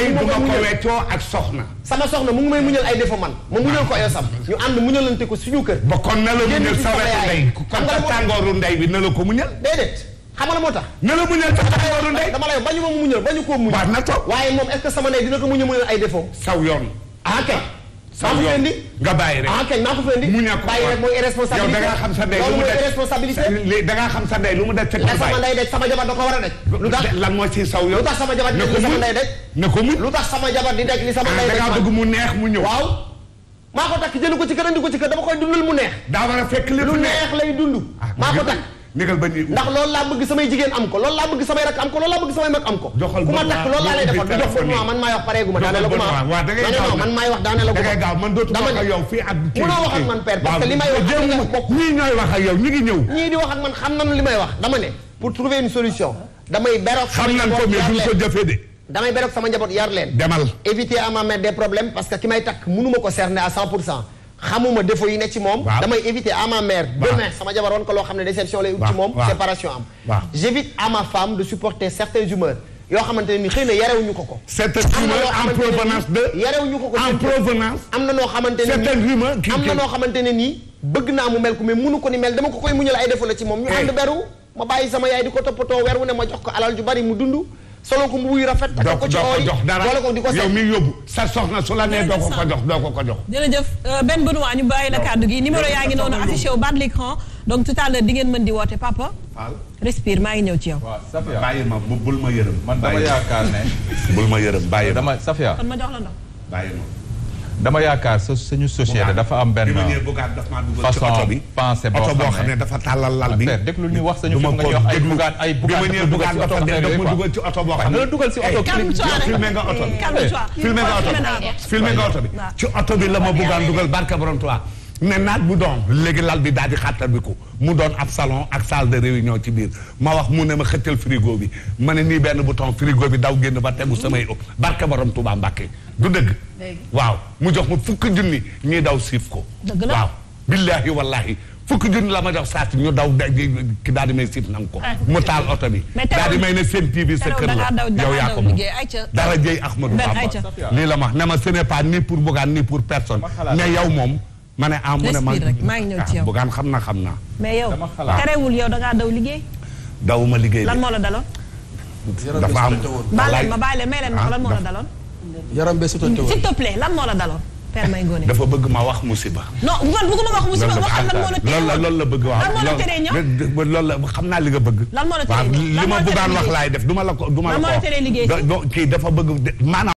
tey du ko weccoo ak soxna. sama soxna mu ngi may muñal ay défaut man ma muñal ko ayosam ñu ànd muñalante ko suñu kër. ba kon na la muñal sa wetu ndey ndey bi na la ko muñal. déedéet xam nga moo tax. na la muñal sa tàngooru ndey dama ma mu muñal bañu koo muñal. waaw waaye moom est sama ndey dina ko muñal muñal ay défaut. saw yoon ah, sans que fendi nga bàyyi rek ah kay naa ko fendi mu ne ko bàyyi rek mooy irresponsabilité yow da nga xam sa ndey lu mu def da nga xam sa ndey lu mu def fekk ko sama ndey def sama jabar da ko war a def lu tax lan mooy ci saw yow lu tax sama jabar di def sama ndey def ne ko mu lu tax sama jabar di def li sama ah, ndey def da nga bëgg mu neex mu ñëw waaw maa ko takk jënd ko ci kër andi ko ci kër dama koy dundal mu neex daa war a fekk lépp lu neex lay dund ah, maa ko takk négal ni ndax loolu laa bëgg samay jigéen am am ko loolu laa bëgg samay mag am ko ku ma takk loolu laa lay ngay wax ak man may wax ñii ñooy wax ak yow ñi ngi ñëw ñii di wax ak man xam nañu li may wax dama ne pour trouver une solution damay berok sama njaboot yar demal éviter à ma mère des problèmes parce que ki may takk mënuma ko cerner a cent pour cent xamuma défaut yi ne ci moom. damay éviter à ma mère. demain sama jabar ko loo xam ne déception lay. ut ci moom séparation am. waaw j'évite à ma femme de supporter certaines humeurs. yoo xamante ni xëy na yarewuñu ko ko. certaines humeurs ko ko en am na noo xamante ne nii xamante ne nii. bëgg naa mu mel ko mais munu ko ni mel dama ko koy muñal ay défaut la ci moom. ñu ànd beru ma bàyyi sama yaay di ko toppatoo weer wu ne ma jox ko alal ju bari mu dundu solo ko mbubu yu rafet. doo ko jox dara yow mi yóbbu sa soxna su la nee doo ko ko jox doo ko ko jox. jërëjëf euh, Ben Benoît ñu bàyyi la kàddu gi numéro yaa ngi noonu affiché au bas de l'écran donc tout à l'heure di ngeen mën di woote papa. respire maa ngi ñëw ci yow. waaw Safia bàyyi ma bul ma yërëm. man dama yaakaar ne. bul ma yërëm bàyyi ma dama Safia. kon ma jox la ndox bàyyi ma. dama yaakaar sa suñu société dafa am benn façon pensée boo xam ne dafa tàllal lal bi déglu ñu wax sañu fi nga wax ay bugaan ay bugaan dafa dugal ci oto boo xam ne dugal ci oto eh, eh, eh, filmé nga oto bi filmé nga oto bi filmé nga oto bi ci oto bi la ma bugaan dugal barka borom tuwa mais naat bu doon léegi lal bi daal di xàttal bi ko mu doon ab salon ak salle de réunion ci biir ma wax mu ne ma xëccal frigo bi ma ne nii benn bouton frigo bi daw génn ba tegu samay ëpp mm-hmm. barka borom tuba mbàkke du dëgg. waaw mu jox ma fukk junni ñuy daw siif ko. dëgg la waaw billaahi wallaahi fukk junni la ma jox saa ñu daw ki daal di may siif nangu ko. Ah, mu taal oto bi. daal di may ne seen TV sa kër la yow yaa ko moom dara jëy Ahmadou Bamba lii la ma ne ma ce n'est pas ni pour Bougane ni pour personne mais yow moom. ma ne ah mu ne ma maa ngi ah, yow Bougane xam na xam naa. mais yow daw ma liggéey la daloon. dafa am baale ma baale may leen yaram bee sutante woon s'il te plaît lan moo la daloon. père may gone dafa bëgg ma wax musiba. non man bëgguma wax musiba waxal lan moo la teree loolu la loolu la bëgg waaw lan moo la teree ñëw loolu la xam naa li nga bëgg. lan moo la teree li ma bëggaan wax laay def duma la ko duma la ko. lan moo la teree liggéey kii dafa bëgg maanaam.